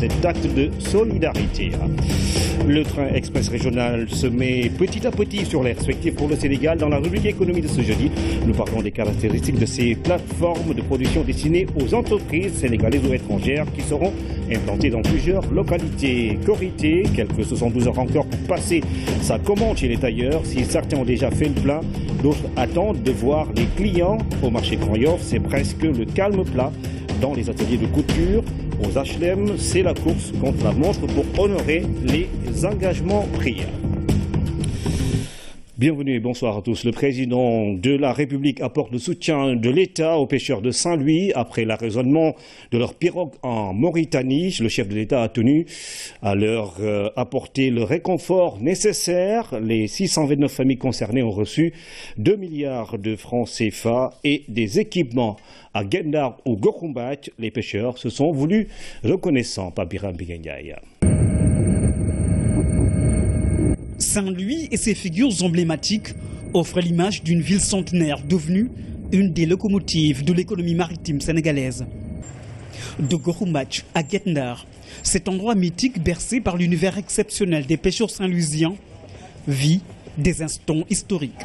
cet acte de solidarité. Le train express régional se met petit à petit sur les respectives pour le Sénégal. Dans la rubrique économie de ce jeudi, nous parlons des caractéristiques de ces plateformes de production destinées aux entreprises sénégalaises ou étrangères qui seront implantées dans plusieurs localités. Corité, quelques 72 heures encore pour passer sa commande chez les tailleurs. Si certains ont déjà fait le plein, d'autres attendent de voir les clients au marché Croyoff. C'est presque le calme plat dans les ateliers de couture aux HLM, c'est la course contre la montre pour honorer les engagements pris. Bienvenue et bonsoir à tous. Le président de la République apporte le soutien de l'État aux pêcheurs de Saint-Louis après l'arraisonnement de leur pirogue en Mauritanie. Le chef de l'État a tenu à leur euh, apporter le réconfort nécessaire. Les 629 familles concernées ont reçu 2 milliards de francs CFA et des équipements. À Gendar ou Gokumbat, les pêcheurs se sont voulus reconnaissants. Papiram Saint-Louis et ses figures emblématiques offrent l'image d'une ville centenaire devenue une des locomotives de l'économie maritime sénégalaise. De Gorumach à Ghetnar, cet endroit mythique bercé par l'univers exceptionnel des pêcheurs saint-louisiens vit des instants historiques.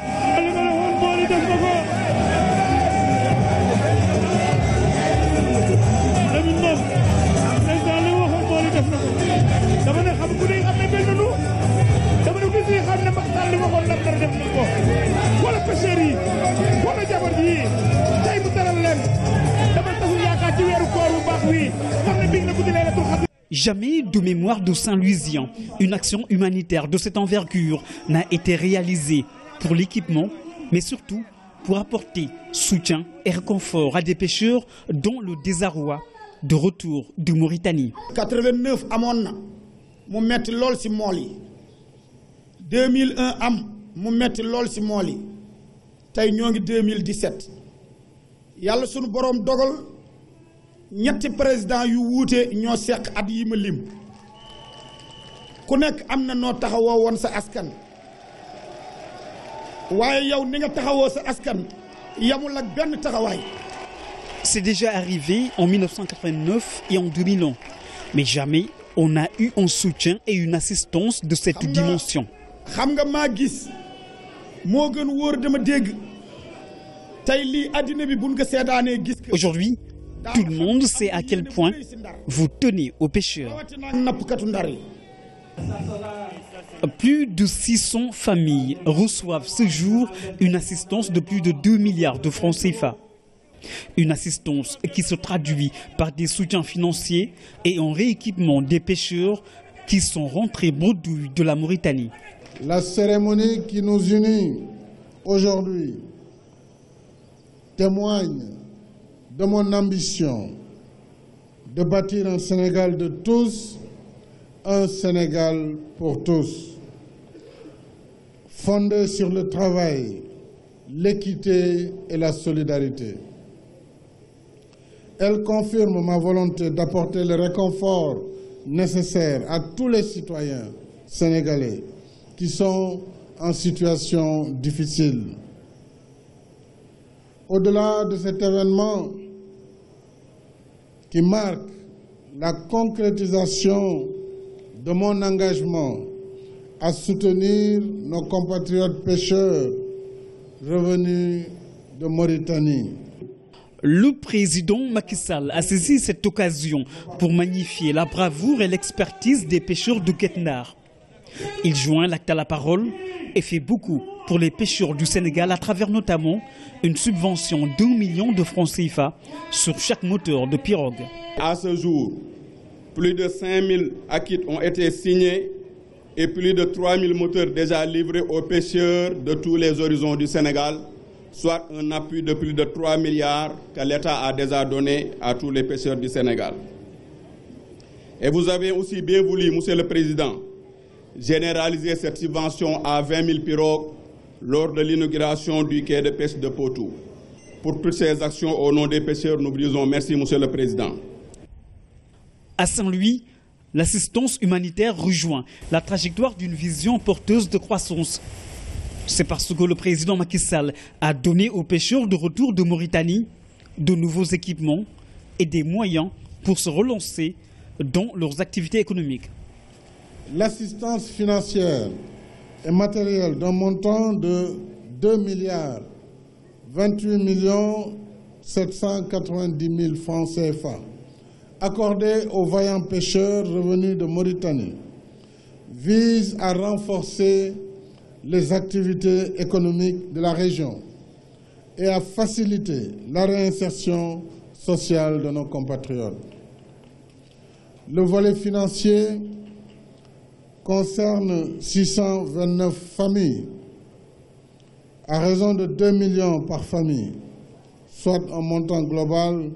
Jamais de mémoire de Saint-Louisien, une action humanitaire de cette envergure n'a été réalisée pour l'équipement, mais surtout pour apporter soutien et réconfort à des pêcheurs dont le désarroi de retour de Mauritanie. 89 amon, mon maître l'ol Simoli, 2001 am mu metti lol ci moli tay tey 2017 yalla suñu borom dogal ñetti président yu wuté ño sék at yi ma lim ku nek amna no noo sa askan waye yow ni nga taxawoo sa askan yamul ak ben taxaway C'est déjà arrivé en 1989 et en 2001 mais jamais on n'a eu un soutien et une assistance de cette dimension. xam nga gis. Aujourd'hui, tout le monde sait à quel point vous tenez aux pêcheurs. Plus de 600 familles reçoivent ce jour une assistance de plus de 2 milliards de francs CFA. Une assistance qui se traduit par des soutiens financiers et un rééquipement des pêcheurs qui sont rentrés bredouilles de la Mauritanie la cérémonie qui nous unit aujourd'hui témoigne de mon ambition de bâtir un Sénégal de tous, un Sénégal pour tous, fondé sur le travail, l'équité et la solidarité. Elle confirme ma volonté d'apporter le réconfort nécessaire à tous les citoyens sénégalais qui sont en situation difficile. Au-delà de cet événement qui marque la concrétisation de mon engagement à soutenir nos compatriotes pêcheurs revenus de Mauritanie. Le président Macky Sall a saisi cette occasion pour magnifier la bravoure et l'expertise des pêcheurs du Guetnard. Il joint l'acte à la parole et fait beaucoup pour les pêcheurs du Sénégal à travers notamment une subvention de d'un million de francs CFA sur chaque moteur de pirogue. À ce jour, plus de 5000 acquis ont été signés et plus de 000 moteurs déjà livrés aux pêcheurs de tous les horizons du Sénégal, soit un appui de plus de 3 milliards que l'État a déjà donné à tous les pêcheurs du Sénégal. Et vous avez aussi bien voulu, Monsieur le Président, généraliser cette subvention à 20 000 pirogues lors de l'inauguration du quai de pêche de Potou. Pour toutes ces actions au nom des pêcheurs, nous disons merci, Monsieur le Président. À Saint-Louis, l'assistance humanitaire rejoint la trajectoire d'une vision porteuse de croissance. C'est parce que le président Macky Sall a donné aux pêcheurs de retour de Mauritanie de nouveaux équipements et des moyens pour se relancer dans leurs activités économiques l'assistance financière et matérielle d'un montant de 2 milliards 28 millions 790 000 francs CFA accordée aux vaillants pêcheurs revenus de Mauritanie vise à renforcer les activités économiques de la région et à faciliter la réinsertion sociale de nos compatriotes. Le volet financier concerne 629 familles, à raison de 2 millions par famille, soit un montant global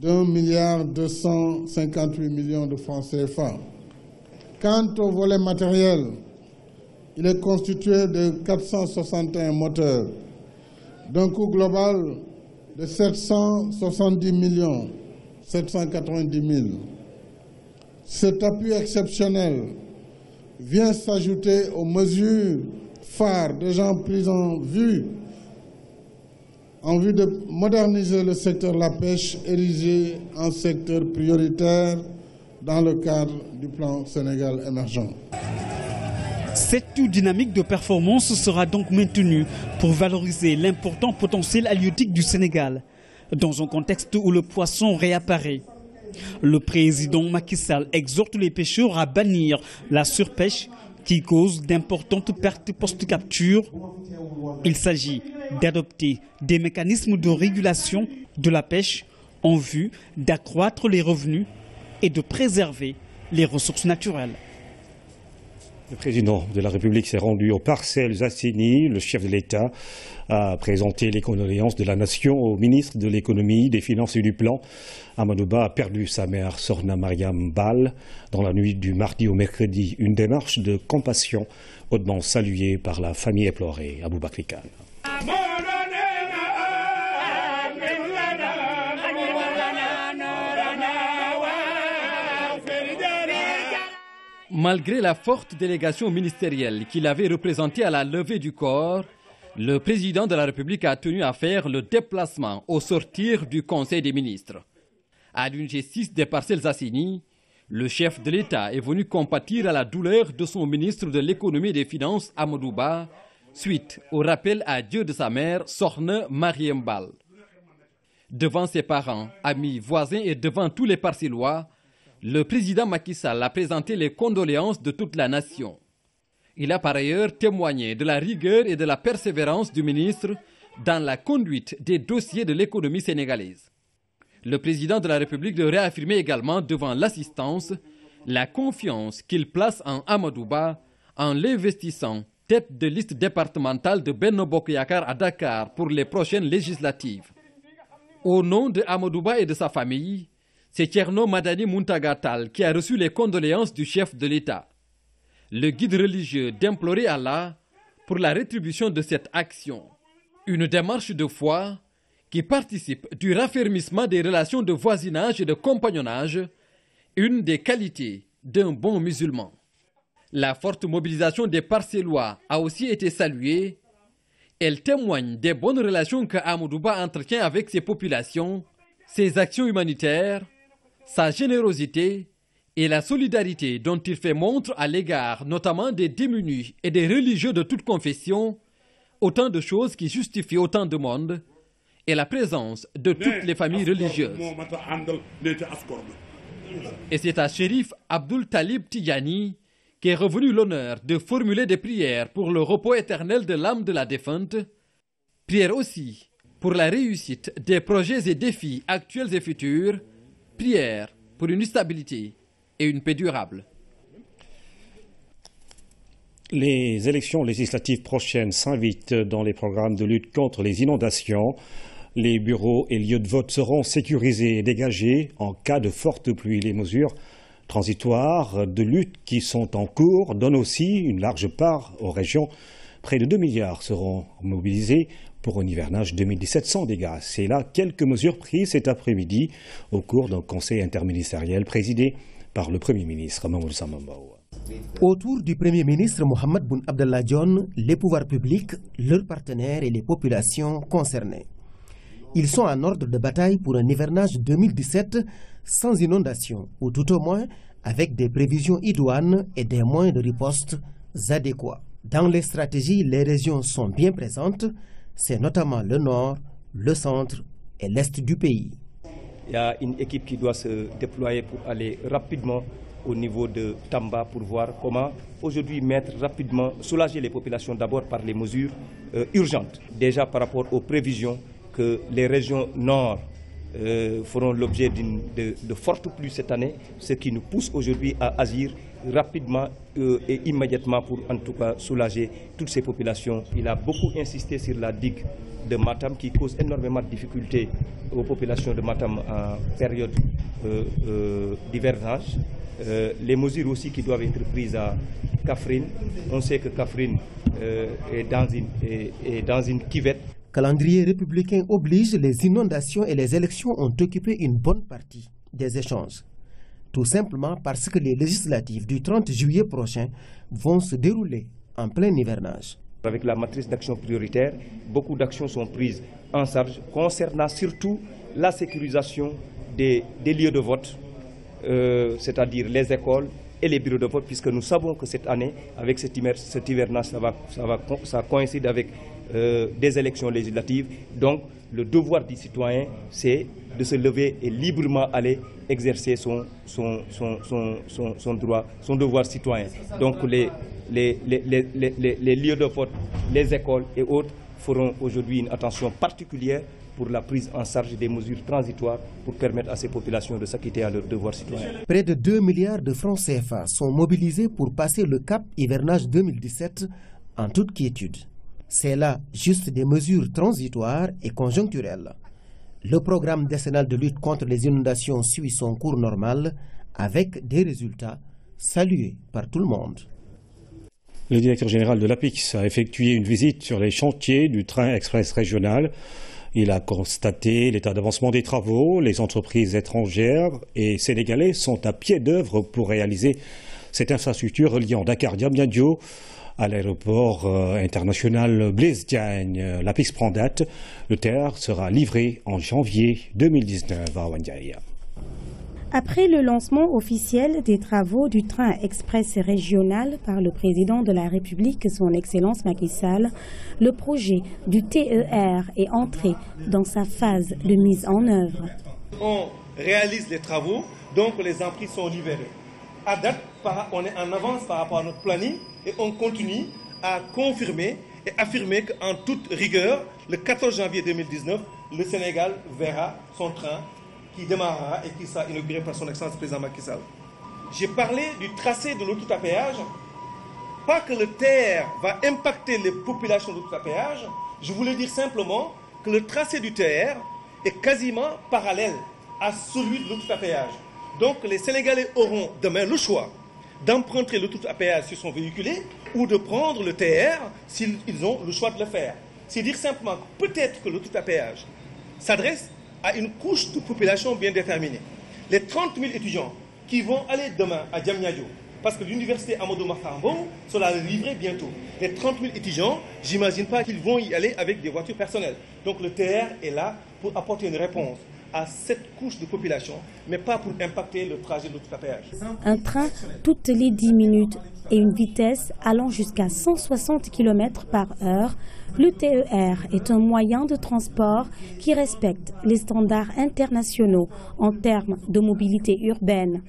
d'un milliard 258 millions de francs CFA. Quant au volet matériel, il est constitué de 461 moteurs, d'un coût global de 770 millions 790 000. Cet appui exceptionnel vient s'ajouter aux mesures phares déjà prises en vue en vue de moderniser le secteur de la pêche érigé en secteur prioritaire dans le cadre du plan Sénégal émergent. Cette dynamique de performance sera donc maintenue pour valoriser l'important potentiel halieutique du Sénégal, dans un contexte où le poisson réapparaît le président Macky Sall exhorte les pêcheurs à bannir la surpêche qui cause d'importantes pertes post-capture. Il s'agit d'adopter des mécanismes de régulation de la pêche en vue d'accroître les revenus et de préserver les ressources naturelles. Le président de la République s'est rendu aux parcelles assainies. Le chef de l'État a présenté les condoléances de la nation au ministre de l'économie, des finances et du plan. Amadouba a perdu sa mère Sorna Mariam Bal dans la nuit du mardi au mercredi. Une démarche de compassion hautement saluée par la famille éplorée, à Khan. Malgré la forte délégation ministérielle qu'il avait représentée à la levée du corps, le président de la République a tenu à faire le déplacement au sortir du Conseil des ministres. À l'UNG6 des parcelles assainies, le chef de l'État est venu compatir à la douleur de son ministre de l'économie et des finances, Amadouba, suite au rappel à Dieu de sa mère, Sorne Mariembal. Devant ses parents, amis, voisins et devant tous les parcellois, le président Macky Sall a présenté les condoléances de toute la nation. Il a par ailleurs témoigné de la rigueur et de la persévérance du ministre dans la conduite des dossiers de l'économie sénégalaise. Le président de la République le réaffirmait également devant l'assistance la confiance qu'il place en Amadouba en l'investissant tête de liste départementale de Benno Bokuyakar à Dakar pour les prochaines législatives. Au nom de Amadouba et de sa famille, c'est Tcherno Madani Muntagatal qui a reçu les condoléances du chef de l'État le guide religieux d'implorer Allah pour la rétribution de cette action. Une démarche de foi qui participe du raffermissement des relations de voisinage et de compagnonnage, une des qualités d'un bon musulman. La forte mobilisation des Parcellois a aussi été saluée. Elle témoigne des bonnes relations que entretient avec ses populations, ses actions humanitaires, sa générosité et la solidarité dont il fait montre à l'égard notamment des démunis et des religieux de toute confession, autant de choses qui justifient autant de monde et la présence de toutes les familles religieuses. Et c'est à shérif Abdul Talib Tijani qu'est revenu l'honneur de formuler des prières pour le repos éternel de l'âme de la défunte, prière aussi pour la réussite des projets et défis actuels et futurs, prière pour une stabilité une paix durable. Les élections législatives prochaines s'invitent dans les programmes de lutte contre les inondations. Les bureaux et lieux de vote seront sécurisés et dégagés en cas de forte pluie. Les mesures transitoires de lutte qui sont en cours donnent aussi une large part aux régions. Près de 2 milliards seront mobilisés pour un hivernage 2700 dégâts. C'est là quelques mesures prises cet après-midi au cours d'un conseil interministériel présidé par le Premier ministre Autour du Premier ministre Mohamed Boun Abdallah les pouvoirs publics, leurs partenaires et les populations concernées. Ils sont en ordre de bataille pour un hivernage 2017 sans inondation, ou tout au moins avec des prévisions idoines et des moyens de riposte adéquats. Dans les stratégies, les régions sont bien présentes, c'est notamment le nord, le centre et l'est du pays. Il y a une équipe qui doit se déployer pour aller rapidement au niveau de Tamba pour voir comment aujourd'hui mettre rapidement, soulager les populations d'abord par les mesures euh, urgentes, déjà par rapport aux prévisions que les régions nord euh, feront l'objet de, de fortes pluies cette année, ce qui nous pousse aujourd'hui à agir rapidement euh, et immédiatement pour en tout cas soulager toutes ces populations. Il a beaucoup insisté sur la digue de Matam qui cause énormément de difficultés aux populations de Matam en période euh, euh, euh les mesures aussi qui doivent être prises à Kafrine. On sait que Kafrine est, dans une, est, est dans une Calendrier républicain oblige, les inondations et les élections ont occupé une bonne partie des échanges tout simplement parce que les législatives du 30 juillet prochain vont se dérouler en plein hivernage. Avec la matrice d'action prioritaire, beaucoup d'actions sont prises en charge concernant surtout la sécurisation des, lieux de vote, euh, c'est-à-dire les écoles et les bureaux de vote, puisque nous savons que cette année, avec cet, hivernage, ça, va, ça, va, ça coïncide avec euh, des élections législatives. Donc, le devoir du citoyen, c'est de se lever et librement aller exercer son, droit, son devoir citoyen. Donc les, lieux de vote, les écoles et autres feront aujourd'hui une attention particulière pour la prise en charge des mesures transitoires pour permettre à ces populations de s'acquitter à leurs devoirs citoyens. Près de 2 milliards de francs CFA sont mobilisés pour passer le cap hivernage 2017 en toute quiétude. C'est là juste des mesures transitoires et conjoncturelles. Le programme décennal de lutte contre les inondations suit son cours normal avec des résultats salués par tout le monde. Le directeur général de l'APICS a effectué une visite sur les chantiers du train express régional. Il a constaté l'état d'avancement des travaux. Les entreprises étrangères et sénégalaises sont à pied d'œuvre pour réaliser cette infrastructure reliant Dakar Diamniadio à l'aéroport euh, international Blaise Diagne, euh, la prend date. Le TER sera livré en janvier 2019 à Wandiaïa. Après le lancement officiel des travaux du train express régional par le président de la République, son Excellence Macky Sall, le projet du TER est entré dans sa phase de mise en œuvre. On réalise les travaux, donc les emprises sont libérés à date, on est en avance par rapport à notre planning et on continue à confirmer et affirmer qu'en toute rigueur, le 14 janvier 2019, le Sénégal verra son train qui démarrera et qui sera inauguré par son excellence président Macky Sall. J'ai parlé du tracé de l'autoroute à péage. Pas que le TR va impacter les populations de l'autoroute à péage, je voulais dire simplement que le tracé du TR est quasiment parallèle à celui de l'autoroute à péage. Donc les Sénégalais auront demain le choix d'emprunter le tout à péage sur son véhicule ou de prendre le TR s'ils ont le choix de le faire. C'est dire simplement que peut-être que le tout à péage s'adresse à une couche de population bien déterminée. Les 30 000 étudiants qui vont aller demain à Diamniadio, parce que l'université Amadou va sera livrée bientôt. Les 30 000 étudiants, j'imagine pas qu'ils vont y aller avec des voitures personnelles. Donc le TR est là pour apporter une réponse à cette couche de population, mais pas pour impacter le trajet de Un train toutes les 10 minutes et une vitesse allant jusqu'à 160 km par heure, le TER est un moyen de transport qui respecte les standards internationaux en termes de mobilité urbaine.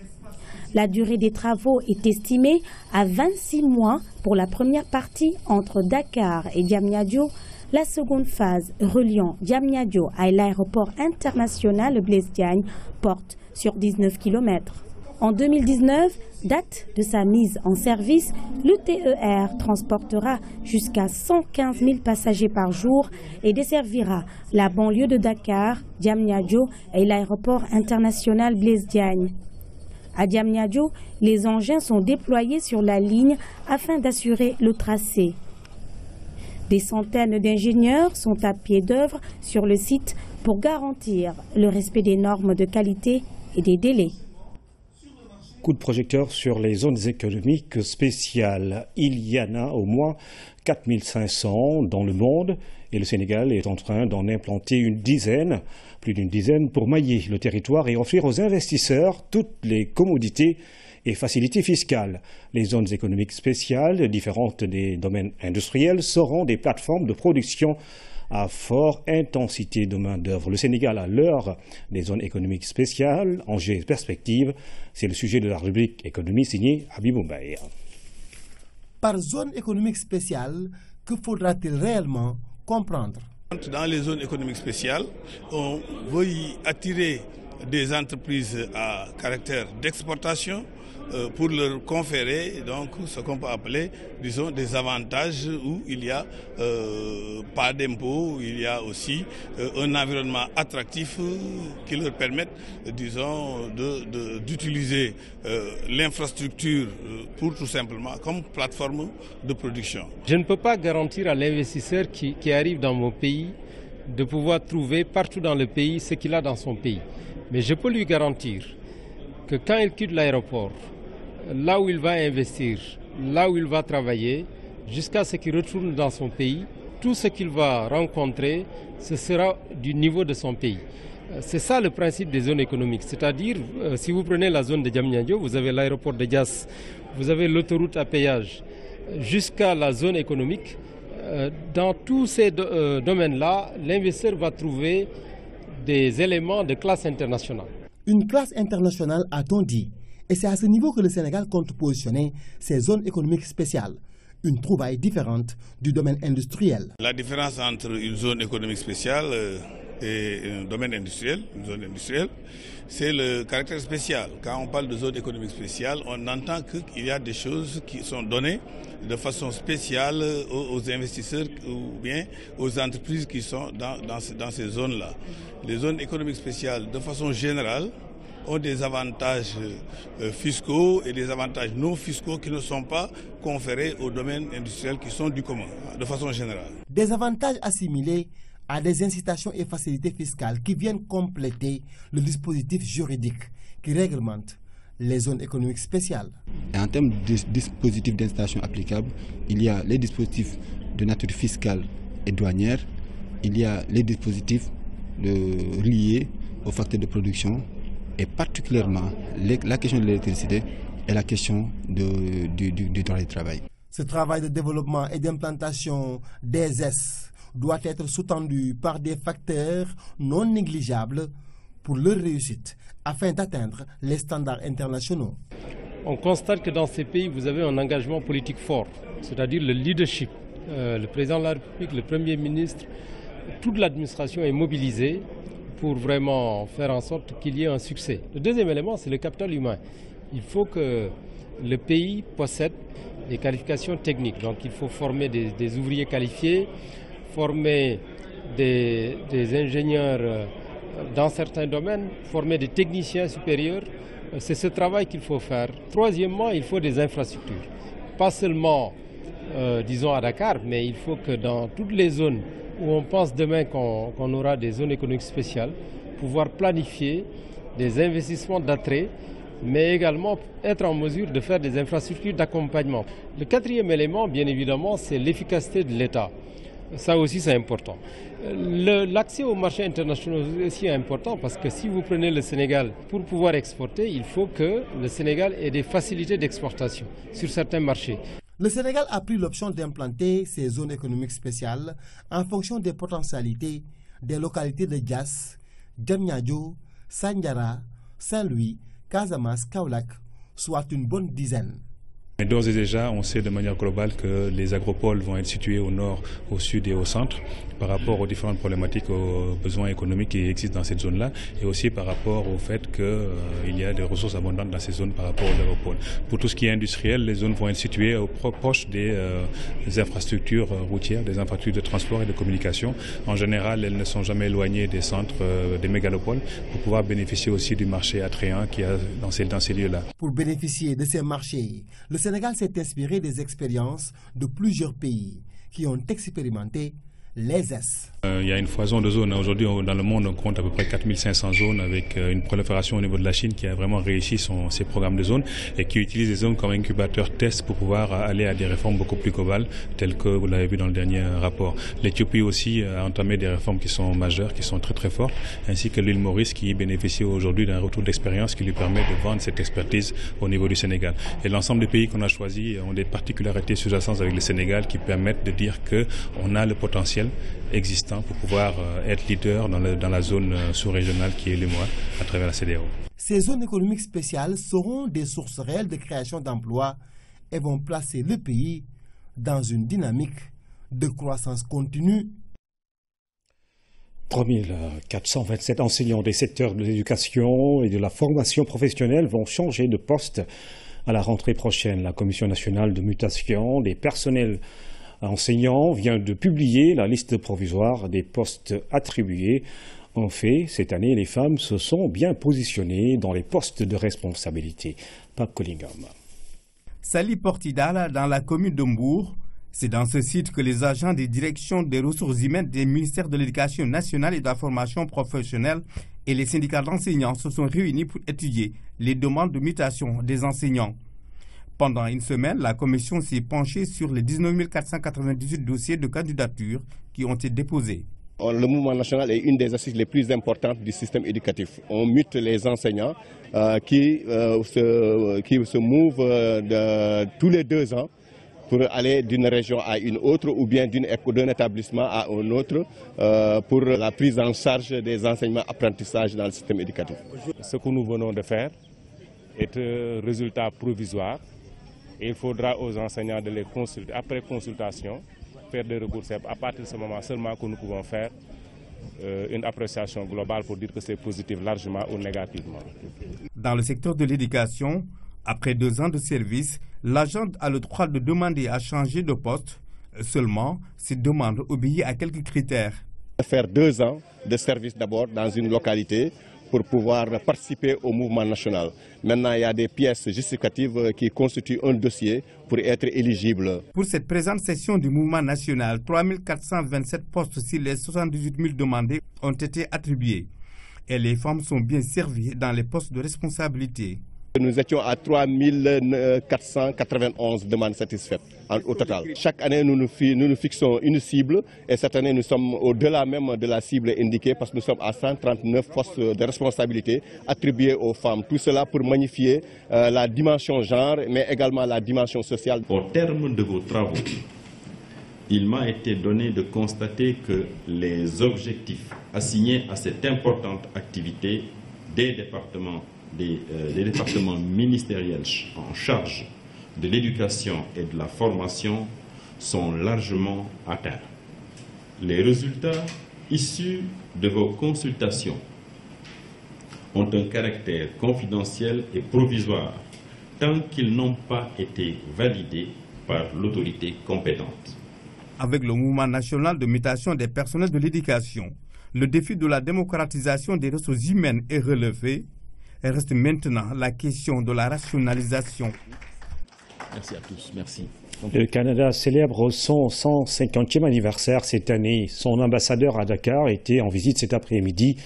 La durée des travaux est estimée à 26 mois pour la première partie entre Dakar et Diamniadio la seconde phase, reliant Diamniadio à l'aéroport international Blaise Diagne, porte sur 19 km. En 2019, date de sa mise en service, le TER transportera jusqu'à 115 000 passagers par jour et desservira la banlieue de Dakar, Diamniadio et l'aéroport international Blaise Diagne. À Diamniadio, les engins sont déployés sur la ligne afin d'assurer le tracé. Des centaines d'ingénieurs sont à pied d'œuvre sur le site pour garantir le respect des normes de qualité et des délais coup de projecteur sur les zones économiques spéciales. Il y en a au moins 4500 dans le monde et le Sénégal est en train d'en implanter une dizaine, plus d'une dizaine, pour mailler le territoire et offrir aux investisseurs toutes les commodités et facilités fiscales. Les zones économiques spéciales, différentes des domaines industriels, seront des plateformes de production à forte intensité de main-d'œuvre. Le Sénégal a l'heure des zones économiques spéciales, enjeux et perspectives, c'est le sujet de la rubrique économie signée à Par zone économique spéciale, que faudra-t-il réellement comprendre Dans les zones économiques spéciales, on veut y attirer des entreprises à caractère d'exportation, euh, pour leur conférer donc ce qu'on peut appeler, disons, des avantages où il y a euh, pas d'impôts, il y a aussi euh, un environnement attractif qui leur permette, disons, d'utiliser l'infrastructure pour tout simplement comme plateforme de production. Je ne peux pas garantir à l'investisseur qui arrive dans mon pays de pouvoir trouver partout dans le pays ce qu'il a dans son pays. Mais je peux lui garantir que quand il quitte l'aéroport, là où il va investir, là où il va travailler, jusqu'à ce qu'il retourne dans son pays, tout ce qu'il va rencontrer, ce sera du niveau de son pays. Euh, c'est ça le principe des zones économiques. C'est-à-dire, euh, si vous prenez la zone de Djamnyadjo, vous avez l'aéroport de Dias, vous avez l'autoroute à péage, jusqu'à la zone économique. Euh, dans tous ces domaines-là, l'investisseur va trouver des éléments de classe internationale. Une classe internationale, a-t-on dit et c'est à ce niveau que le Sénégal compte positionner ses zones économiques spéciales une trouvaille différente du domaine industriel. La différence entre une zone économique spéciale euh, et un domaine industriel, une c'est le caractère spécial. Quand on parle de zone économique spéciale, on entend qu'il y a des choses qui sont données de façon spéciale aux, investisseurs ou bien aux entreprises qui sont dans ces zones-là. Les zones économiques spéciales, de façon générale, ont des avantages euh, fiscaux et des avantages non fiscaux qui ne sont pas conférés aux domaines industriels qui sont du commun, de façon générale. Des avantages assimilés à des incitations et facilités fiscales qui viennent compléter le dispositif juridique qui réglemente les zones économiques spéciales. En termes de dispositifs d'incitation applicables, il y a les dispositifs de nature fiscale et douanière, il y a les dispositifs euh, liés aux facteurs de production, et particulièrement la question de l'électricité et la question du, droit du travail. Ce travail de développement et d'implantation des S doit être sous-tendu par des facteurs non négligeables pour leur réussite afin d'atteindre les standards internationaux. On constate que dans ces pays, vous avez un engagement politique fort, c'est-à-dire le leadership. Euh, le président de la République, le Premier ministre, toute l'administration est mobilisée pour vraiment faire en sorte qu'il y ait un succès. Le deuxième élément, c'est le capital humain. Il faut que le pays possède des qualifications techniques. Donc il faut former des, ouvriers qualifiés, former des, ingénieurs euh, dans certains domaines, former des techniciens supérieurs. Euh, c'est ce travail qu'il faut faire. Troisièmement, il faut des infrastructures. Pas seulement, euh, disons, à Dakar, mais il faut que dans toutes les zones où on pense demain qu'on aura des zones économiques spéciales, pouvoir planifier des investissements d'attrait, mais également être en mesure de faire des infrastructures d'accompagnement. Le quatrième élément, bien évidemment, c'est l'efficacité de l'État. Ça aussi, c'est important. L'accès au marché international aussi est important parce que si vous prenez le Sénégal, pour pouvoir exporter, il faut que le Sénégal ait des facilités d'exportation sur certains marchés. Le Sénégal a pris l'option d'implanter ces zones économiques spéciales en fonction des potentialités des localités de Dias, Djamnyadjo, Sanjara, Saint-Louis, Casamas, Kaulak, soit une bonne dizaine d'ores et déjà, on sait de manière globale que les agropoles vont être situés au nord, au sud et au centre par rapport aux différentes problématiques, aux besoins économiques qui existent dans cette zone-là et aussi par rapport au fait qu'il euh, y a des ressources abondantes dans ces zones par rapport aux agropoles. Pour tout ce qui est industriel, les zones vont être situées au proche des, euh, infrastructures euh, routières, des infrastructures de transport et de communication. En général, elles ne sont jamais éloignées des centres, des mégalopoles, pour pouvoir bénéficier aussi du marché attrayant qui est dans ces, lieux-là. Pour bénéficier de ces marchés, le Sénégal s'est inspiré des expériences de plusieurs pays qui ont expérimenté les S. Euh, il y a une foison de zones. Aujourd'hui, dans le monde, on compte à peu près 4500 zones avec euh, une prolifération au niveau de la Chine qui a vraiment réussi son, ses programmes de zones et qui utilise les zones comme incubateur test pour pouvoir euh, aller à des réformes beaucoup plus globales, telles que vous l'avez vu dans le dernier rapport. L'Éthiopie aussi a entamé des réformes qui sont majeures, qui sont très très fortes, ainsi que l'île Maurice qui bénéficie aujourd'hui d'un retour d'expérience qui lui permet de vendre cette expertise au niveau du Sénégal. Et l'ensemble des pays qu'on a choisis ont des particularités sous-jacentes avec le Sénégal qui permettent de dire que on a le potentiel existants pour pouvoir euh, être leader dans, la zone euh, sous-régionale qui est l'EMOA à travers la CDAO. Ces zones économiques spéciales seront des sources réelles de création d'emplois et vont placer le pays dans une dynamique de croissance continue 3427 enseignants des secteurs de l'éducation et de la formation professionnelle vont changer de poste à la rentrée prochaine. La Commission nationale de mutation des personnels L'enseignant vient de publier la liste provisoire des postes attribués. En fait, cette année, les femmes se sont bien positionnées dans les postes de responsabilité. Pape Collingham. Sally Portidal, dans la commune de c'est dans ce site que les agents des directions des ressources humaines des ministères de l'Éducation nationale et de la formation professionnelle et les syndicats d'enseignants se sont réunis pour étudier les demandes de mutation des enseignants. Pendant une semaine, la commission s'est penchée sur les 19 498 dossiers de candidature qui ont été déposés. Euh, le mouvement national est une des assises les plus importantes du système éducatif. On mute les enseignants euh, qui, euh, se, qui se mouvent tous les deux ans pour aller d'une région à une autre ou bien d'un établissement à un autre pour la prise en charge des enseignements apprentissages dans le système éducatif. Ce que nous venons de faire est un résultat provisoire il faudra aux enseignants de les consulter, après consultation, faire des recours. C'est à partir de ce moment seulement que nous pouvons faire euh, une appréciation globale pour dire que c'est positif largement ou négativement. Dans le secteur de l'éducation, après deux ans de service, l'agent a le droit de demander à changer de poste. Seulement, si demande obéit à quelques critères. Faire deux ans de service d'abord dans une localité pour pouvoir participer au mouvement national. Maintenant, il y a des pièces justificatives qui constituent un dossier pour être éligible. Pour cette présente session du mouvement national, 427 postes sur les 78 000 demandés ont été attribués et les femmes sont bien servies dans les postes de responsabilité. Nous étions à 3 491 euh, demandes satisfaites au total. Chaque année, nous nous, fixons une cible et cette année, nous sommes au-delà même de la cible indiquée parce que nous sommes à 139 postes de responsabilité attribuées aux femmes. Tout cela pour magnifier euh, la dimension genre, mais également la dimension sociale. Au terme de vos travaux, il m'a été donné de constater que les objectifs assignés à cette importante activité des départements euh, les, départements ministériels en charge de l'éducation et de la formation sont largement atteints. Les résultats issus de vos consultations ont un caractère confidentiel et provisoire tant qu'ils n'ont pas été validés par l'autorité compétente. Avec le mouvement national de mutation des personnels de l'éducation, le défi de la démocratisation des ressources humaines est relevé Reste maintenant la question de la rationalisation. Merci à tous. Merci. Le Canada célèbre son 150e anniversaire cette année. Son ambassadeur à Dakar était en visite cet après-midi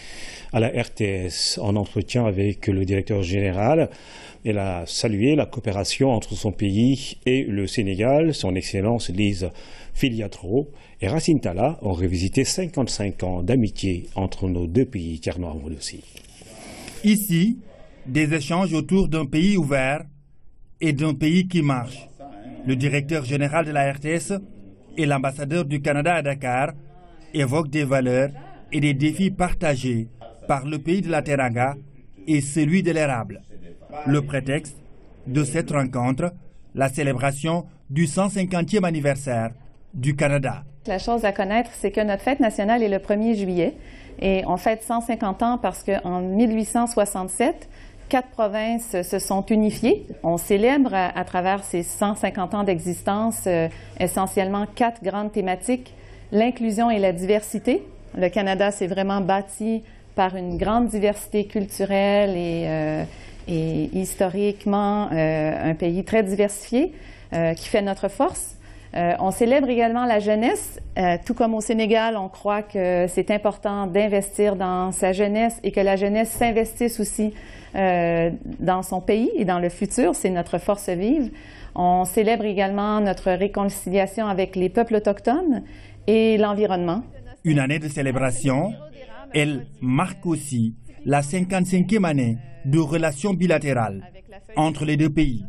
à la RTS en entretien avec le directeur général. Elle a salué la coopération entre son pays et le Sénégal. Son Excellence Lise Filiatro et Racine Tala ont révisité 55 ans d'amitié entre nos deux pays, Tierno aussi ici des échanges autour d'un pays ouvert et d'un pays qui marche. Le directeur général de la RTS et l'ambassadeur du Canada à Dakar évoquent des valeurs et des défis partagés par le pays de la Teranga et celui de l'érable. Le prétexte de cette rencontre, la célébration du 150e anniversaire du Canada. La chose à connaître, c'est que notre fête nationale est le 1er juillet. Et on fête 150 ans parce qu'en 1867, quatre provinces se sont unifiées. On célèbre à, travers ces 150 ans d'existence euh, essentiellement quatre grandes thématiques. L'inclusion et la diversité. Le Canada s'est vraiment bâti par une grande diversité culturelle et, euh, historiquement euh, un pays très diversifié qui fait notre force. Euh, on célèbre également la jeunesse. Euh, tout comme au Sénégal, on croit que c'est important d'investir dans sa jeunesse et que la jeunesse s'investisse aussi euh, dans son pays et dans le futur. C'est notre force vive. On célèbre également notre réconciliation avec les peuples autochtones et l'environnement. Une année de célébration, elle marque aussi la 55e année de relations bilatérales entre les deux pays.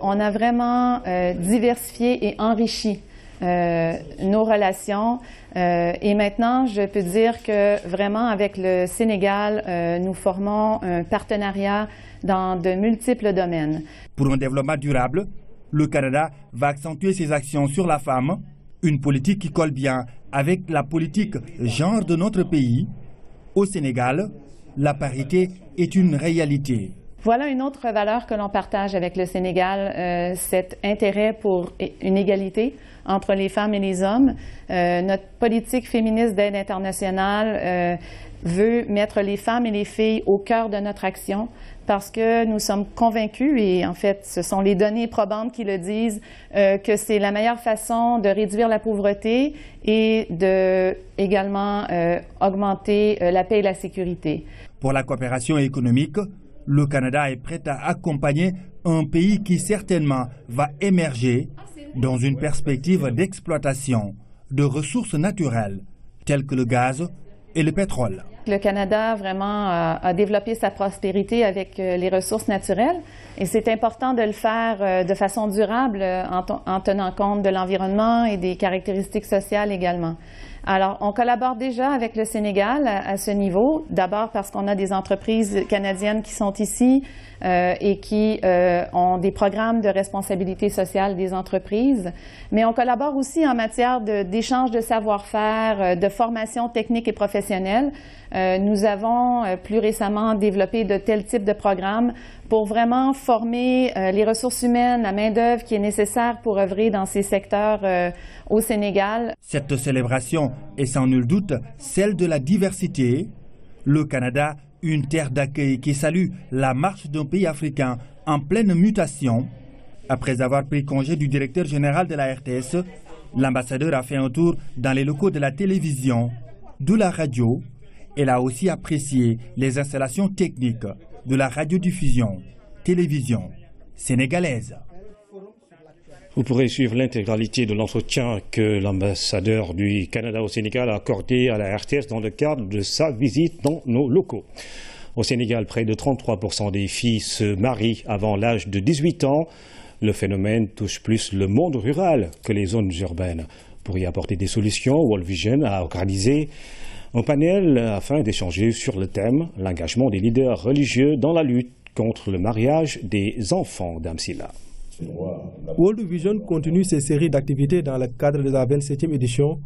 On a vraiment euh, diversifié et enrichi euh, nos relations. Euh, et maintenant, je peux dire que vraiment avec le Sénégal, nous formons un partenariat dans de multiples domaines. Pour un développement durable, le Canada va accentuer ses actions sur la femme, une politique qui colle bien avec la politique genre de notre pays. Au Sénégal, la parité est une réalité. Voilà une autre valeur que l'on partage avec le Sénégal, euh, cet intérêt pour une égalité entre les femmes et les hommes. Euh, notre politique féministe d'aide internationale euh, veut mettre les femmes et les filles au cœur de notre action parce que nous sommes convaincus, et en fait ce sont les données probantes qui le disent, que c'est la meilleure façon de réduire la pauvreté et de également augmenter la paix et la sécurité. Pour la coopération économique, le Canada est prêt à accompagner un pays qui certainement va émerger dans une perspective d'exploitation de ressources naturelles telles que le gaz et le pétrole. Le Canada vraiment euh, a, développé sa prospérité avec euh, les ressources naturelles et c'est important de le faire euh, de façon durable en, en tenant compte de l'environnement et des caractéristiques sociales également. Alors, on collabore déjà avec le Sénégal à, ce niveau, d'abord parce qu'on a des entreprises canadiennes qui sont ici, euh, et qui euh, ont des programmes de responsabilité sociale des entreprises. Mais on collabore aussi en matière d'échange de, savoir-faire, euh, de formation technique et professionnelle. nous avons plus récemment développé de tels types de programmes pour vraiment former les ressources humaines, la main-d'œuvre qui est nécessaire pour œuvrer dans ces secteurs au Sénégal. Cette célébration est sans nul doute celle de la diversité. Le Canada une terre d'accueil qui salue la marche d'un pays africain en pleine mutation. Après avoir pris congé du directeur général de la RTS, l'ambassadeur a fait un tour dans les locaux de la télévision, de la radio. Elle a aussi apprécié les installations techniques de la radiodiffusion, télévision sénégalaise. Vous pourrez suivre l'intégralité de l'entretien que l'ambassadeur du Canada au Sénégal a accordé à la RTS dans le cadre de sa visite dans nos locaux. Au Sénégal, près de 33% des filles se marient avant l'âge de 18 ans. Le phénomène touche plus le monde rural que les zones urbaines. Pour y apporter des solutions, World Vision a organisé un panel afin d'échanger sur le thème l'engagement des leaders religieux dans la lutte contre le mariage des enfants d'Amsila. World Vision continue ses séries d'activités dans le cadre de la 27e édition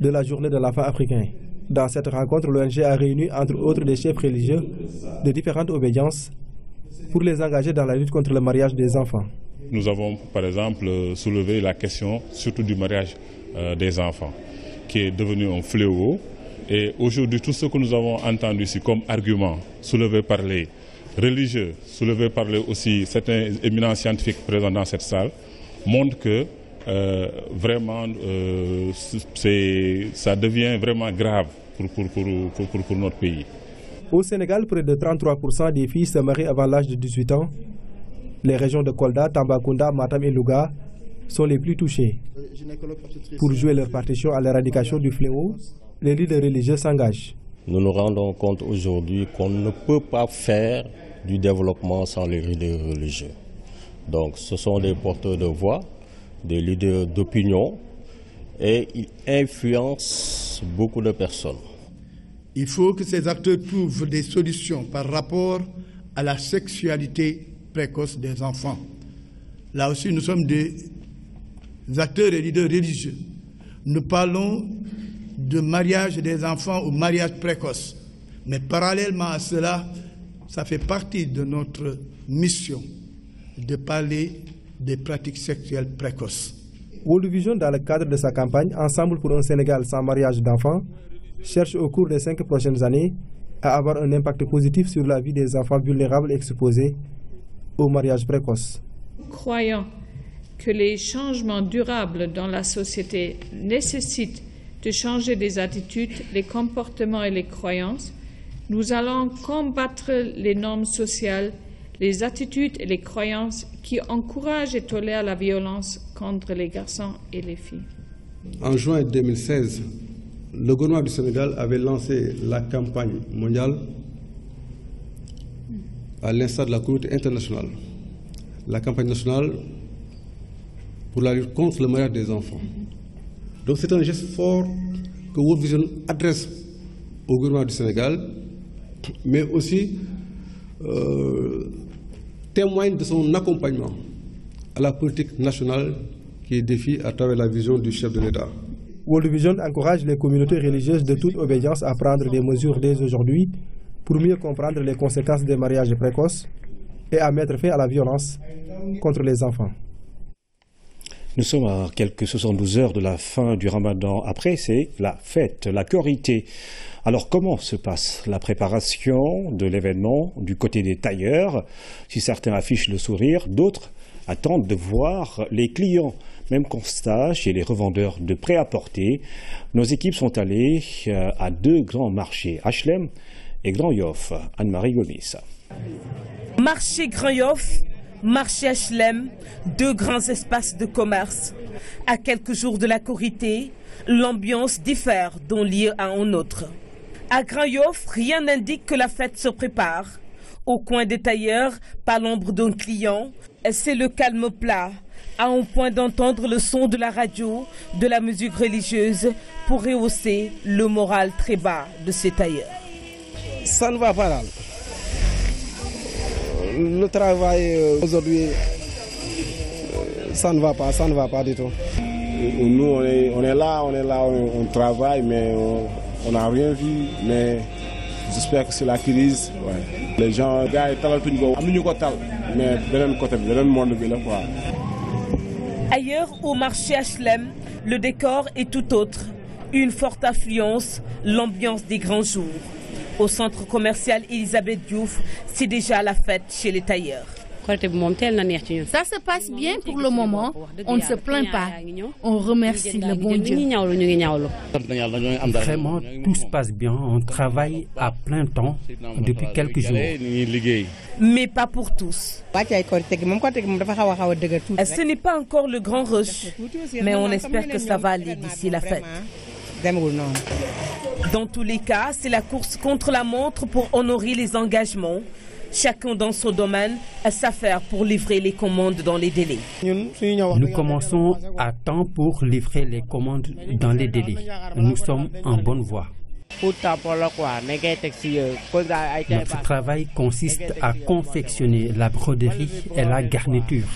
de la Journée de l'enfant africain. Dans cette rencontre, l'ONG a réuni entre autres des chefs religieux de différentes obédiences pour les engager dans la lutte contre le mariage des enfants. Nous avons par exemple soulevé la question surtout du mariage euh, des enfants qui est devenu un fléau et aujourd'hui tout ce que nous avons entendu ici comme argument soulevé par les religieux, soulevé par aussi certains éminents scientifiques présents dans cette salle, montrent que euh, vraiment, euh, ça devient vraiment grave pour, pour, pour, pour, notre pays. Au Sénégal, près de 33% des filles se marient avant l'âge de 18 ans. Les régions de Kolda, Tambacounda, Matam et Louga sont les plus touchées. Pour jouer leur partition à l'éradication du fléau, les leaders religieux s'engagent. Nous nous rendons compte aujourd'hui qu'on ne peut pas faire du développement sans les leaders religieux. Donc ce sont des porteurs de voix, des leaders d'opinion et ils influencent beaucoup de personnes. Il faut que ces acteurs trouvent des solutions par rapport à la sexualité précoce des enfants. Là aussi, nous sommes des acteurs et leaders religieux. Nous parlons de mariage des enfants ou mariage précoce. Mais parallèlement à cela, ça fait partie de notre mission de parler des pratiques sexuelles précoces. World Vision, dans le cadre de sa campagne Ensemble pour un Sénégal sans mariage d'enfants, cherche au cours des cinq prochaines années à avoir un impact positif sur la vie des enfants vulnérables exposés au mariage précoce. Croyant que les changements durables dans la société nécessitent de changer des attitudes, les comportements et les croyances, nous allons combattre les normes sociales, les attitudes et les croyances qui encouragent et tolèrent la violence contre les garçons et les filles. En juin 2016, le gouvernement du Sénégal avait lancé la campagne mondiale à l'instar de la communauté internationale, la campagne nationale pour la lutte contre le mariage des enfants. Donc c'est un geste fort que World Vision adresse au gouvernement du Sénégal mais aussi euh, témoigne de son accompagnement à la politique nationale qui défie à travers la vision du chef de l'État. World Vision encourage les communautés religieuses de toute obédience à prendre des mesures dès aujourd'hui pour mieux comprendre les conséquences des mariages précoces et à mettre fin à la violence contre les enfants. Nous sommes à quelques 72 heures de la fin du ramadan. Après, c'est la fête, la corité. Alors, comment se passe la préparation de l'événement du côté des tailleurs Si certains affichent le sourire, d'autres attendent de voir les clients. Même constat chez les revendeurs de prêt-à-porter. Nos équipes sont allées euh, à deux grands marchés, HLM et Grand Yoff. Anne-Marie Gomis. Marché Grand Yoff marché HLM, deux grands espaces de commerce. À quelques jours de la Corité, l'ambiance diffère d'un lieu à un autre. À Grand rien n'indique que la fête se prépare. Au coin des tailleurs, pas l'ombre d'un client, c'est le calme plat, à un point d'entendre le son de la radio, de la musique religieuse, pour rehausser le moral très bas de ces tailleurs le travail euh, aujourd'hui, euh, ça ne va pas, ça ne va pas du tout. Euh, nous, on est, là, on est là, on, travaille, mais on n'a rien vu. Mais j'espère que c'est la crise. Les gens, les gars, ils mais de côté, le monde. Ailleurs, au marché HLM, le décor est tout autre. Une forte affluence, l'ambiance des grands jours. Au centre commercial Elisabeth Diouf, c'est déjà la fête chez les tailleurs. Ça se passe bien pour le moment. On ne se plaint pas. On remercie le bon Dieu. Vraiment, tout se passe bien. On travaille à plein temps depuis quelques jours. Mais pas pour tous. Ce n'est pas encore le grand rush, mais on espère que ça va aller d'ici la fête. Hein. Dans tous les cas, c'est la course contre la montre pour honorer les engagements. Chacun dans son domaine sa faire pour livrer les commandes dans les délais. Nous commençons à temps pour livrer les commandes dans les délais. Nous sommes en bonne voie. Notre travail consiste à confectionner la broderie et la garniture.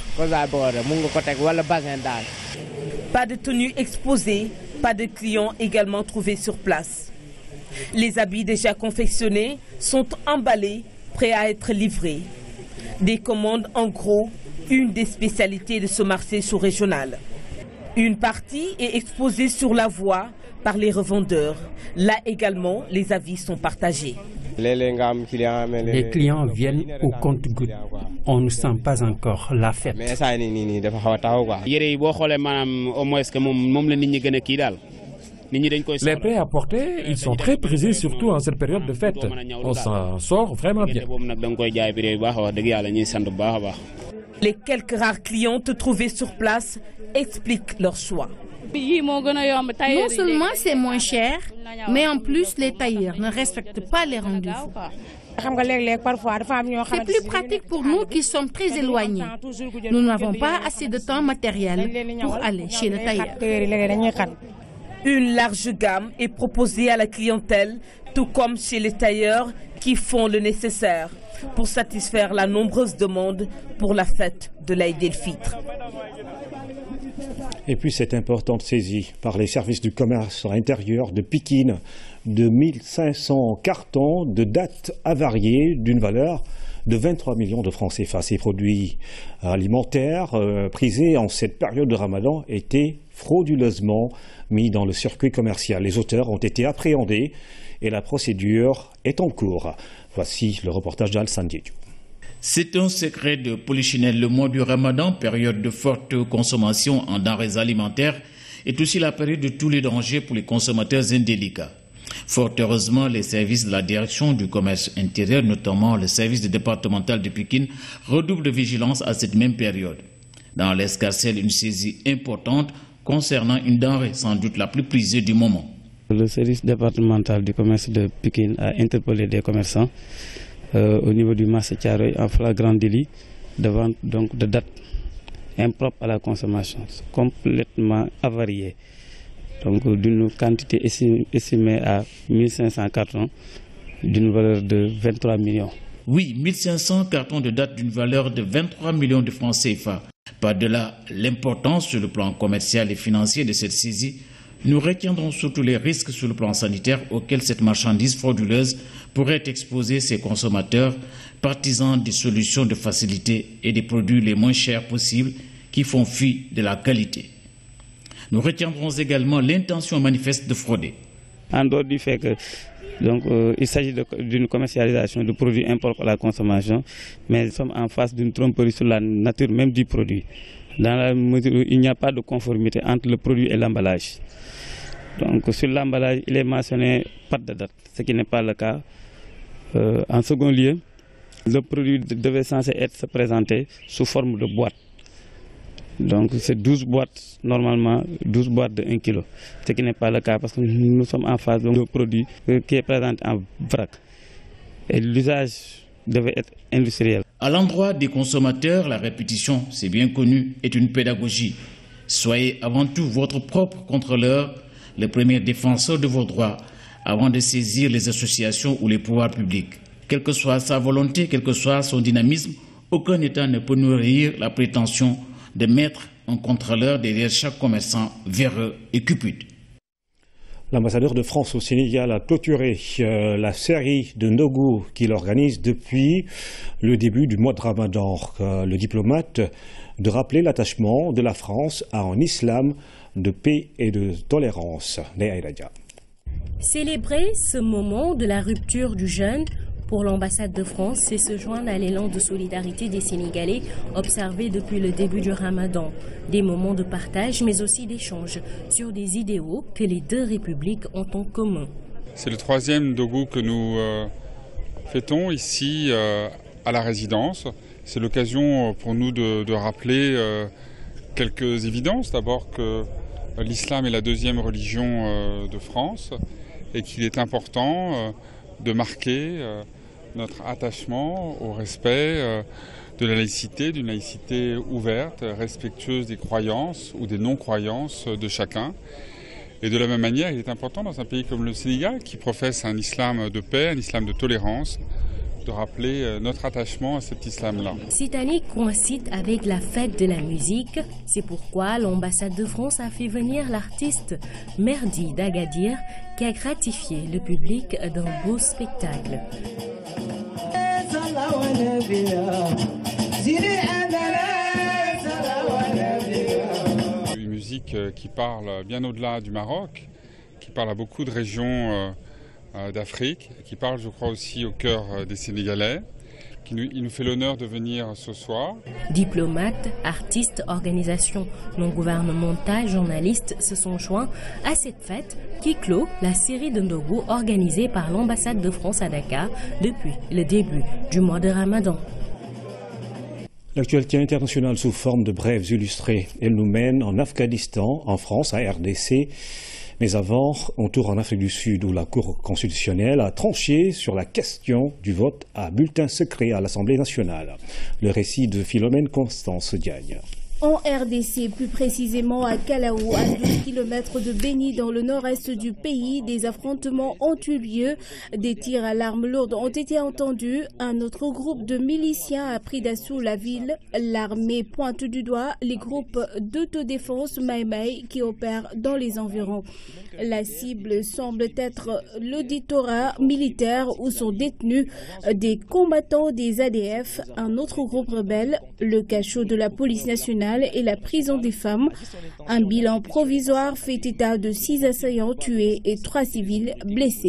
Pas de tenue exposée, pas de clients également trouvés sur place. Les habits déjà confectionnés sont emballés, prêts à être livrés. Des commandes en gros, une des spécialités de ce marché sous-régional. Une partie est exposée sur la voie par les revendeurs. Là également, les avis sont partagés. Les clients viennent au compte goutte On ne sent pas encore la fête. Les prêts à ils sont très prisés, surtout en cette période de fête. On s'en sort vraiment bien. Les quelques rares clientes trouvées sur place expliquent leur choix. Non seulement c'est moins cher, mais en plus les tailleurs ne respectent pas les rendez-vous. C'est plus pratique pour nous qui sommes très éloignés. Nous n'avons pas assez de temps matériel pour aller chez le tailleur. Une large gamme est proposée à la clientèle, tout comme chez les tailleurs qui font le nécessaire pour satisfaire la nombreuse demande pour la fête de l'Aïd el-Fitr. Et puis cette importante saisie par les services du commerce intérieur de Pékin de 1500 cartons de dates avariées d'une valeur de 23 millions de francs CFA. Ces produits alimentaires euh, prisés en cette période de ramadan étaient frauduleusement mis dans le circuit commercial. Les auteurs ont été appréhendés et la procédure est en cours. Voici le reportage d'Al diego. C'est un secret de Polichinelle. Le mois du ramadan, période de forte consommation en denrées alimentaires, est aussi la période de tous les dangers pour les consommateurs indélicats. Fort heureusement, les services de la direction du commerce intérieur, notamment le service départemental de Pékin, redoublent de vigilance à cette même période. Dans l'escarcelle, une saisie importante concernant une denrée sans doute la plus prisée du moment. Le service départemental du commerce de Pékin a interpellé des commerçants euh, au niveau du marché Tiaroy en flagrant délit de vente donc, de dates impropre à la consommation, complètement avariée, donc d'une quantité estimée à 1500 cartons, d'une valeur de 23 millions. Oui, 1500 cartons de date d'une valeur de 23 millions de francs CFA. Par-delà l'importance sur le plan commercial et financier de cette saisie, nous retiendrons surtout les risques sur le plan sanitaire auxquels cette marchandise frauduleuse pourrait exposer ces consommateurs, partisans des solutions de facilité et des produits les moins chers possibles qui font fi de la qualité. Nous retiendrons également l'intention manifeste de frauder. En dehors du fait que donc, euh, il s'agit d'une commercialisation de produits importés pour la consommation, mais nous sommes en face d'une tromperie sur la nature même du produit, dans la mesure où il n'y a pas de conformité entre le produit et l'emballage. Donc sur l'emballage, il est mentionné pas de date, ce qui n'est pas le cas euh, en second lieu, le produit devait censé être présenté sous forme de boîte. Donc c'est 12 boîtes, normalement 12 boîtes de 1 kg, ce qui n'est pas le cas parce que nous sommes en phase de produit euh, qui est présenté en vrac. Et l'usage devait être industriel. À l'endroit des consommateurs, la répétition, c'est bien connu, est une pédagogie. Soyez avant tout votre propre contrôleur, le premier défenseur de vos droits avant de saisir les associations ou les pouvoirs publics. Quelle que soit sa volonté, quel que soit son dynamisme, aucun État ne peut nourrir la prétention de mettre en contrôleur derrière chaque commerçant véreux et cupide. L'ambassadeur de France au Sénégal a clôturé euh, la série de Nogo qu'il organise depuis le début du mois de Ramadan. Euh, le diplomate de rappeler l'attachement de la France à un islam de paix et de tolérance. Célébrer ce moment de la rupture du jeûne pour l'ambassade de France, c'est se joindre à l'élan de solidarité des Sénégalais observé depuis le début du ramadan. Des moments de partage, mais aussi d'échange sur des idéaux que les deux républiques ont en commun. C'est le troisième Dogo que nous euh, fêtons ici euh, à la résidence. C'est l'occasion euh, pour nous de, rappeler quelques évidences. D'abord que l'islam est la deuxième religion de France et qu'il est important euh, de marquer euh, notre attachement au respect euh, de la laïcité, d'une laïcité ouverte, respectueuse des croyances ou des non-croyances de chacun. Et de la même manière, il est important dans un pays comme le Sénégal, qui professe un islam de paix, un islam de tolérance, de rappeler euh, notre attachement à cet islam-là. Cette année coïncide avec la fête de la musique. C'est pourquoi l'ambassade de France a fait venir l'artiste Merdi d'Agadir qui a gratifié le public d'un beau spectacle. Une musique euh, qui parle bien au-delà du Maroc, qui parle à beaucoup de régions euh, euh, d'Afrique, qui parle, je crois, aussi au cœur euh, des Sénégalais. Qui nous, il nous fait l'honneur de venir euh, ce soir. Diplomates, artistes, organisations non gouvernementales, journalistes se sont joints à cette fête qui clôt la série de Ndogo organisée par l'ambassade de France à Dakar depuis le début du mois de Ramadan. L'actualité internationale sous forme de brèves illustrées, elle nous mène en Afghanistan, en France, à RDC. Mais avant, on tourne en Afrique du Sud où la Cour constitutionnelle a tranché sur la question du vote à bulletin secret à l'Assemblée nationale. Le récit de Philomène Constance Diagne en RDC, plus précisément à Kalaou, à 12 km de Béni, dans le nord-est du pays. Des affrontements ont eu lieu, des tirs à l'arme lourde ont été entendus. Un autre groupe de miliciens a pris d'assaut la ville. L'armée pointe du doigt les groupes d'autodéfense Mai qui opèrent dans les environs. La cible semble être l'auditorat militaire où sont détenus des combattants des ADF, un autre groupe rebelle, le cachot de la police nationale et la prison des femmes. Un bilan provisoire fait état de six assaillants tués et trois civils blessés.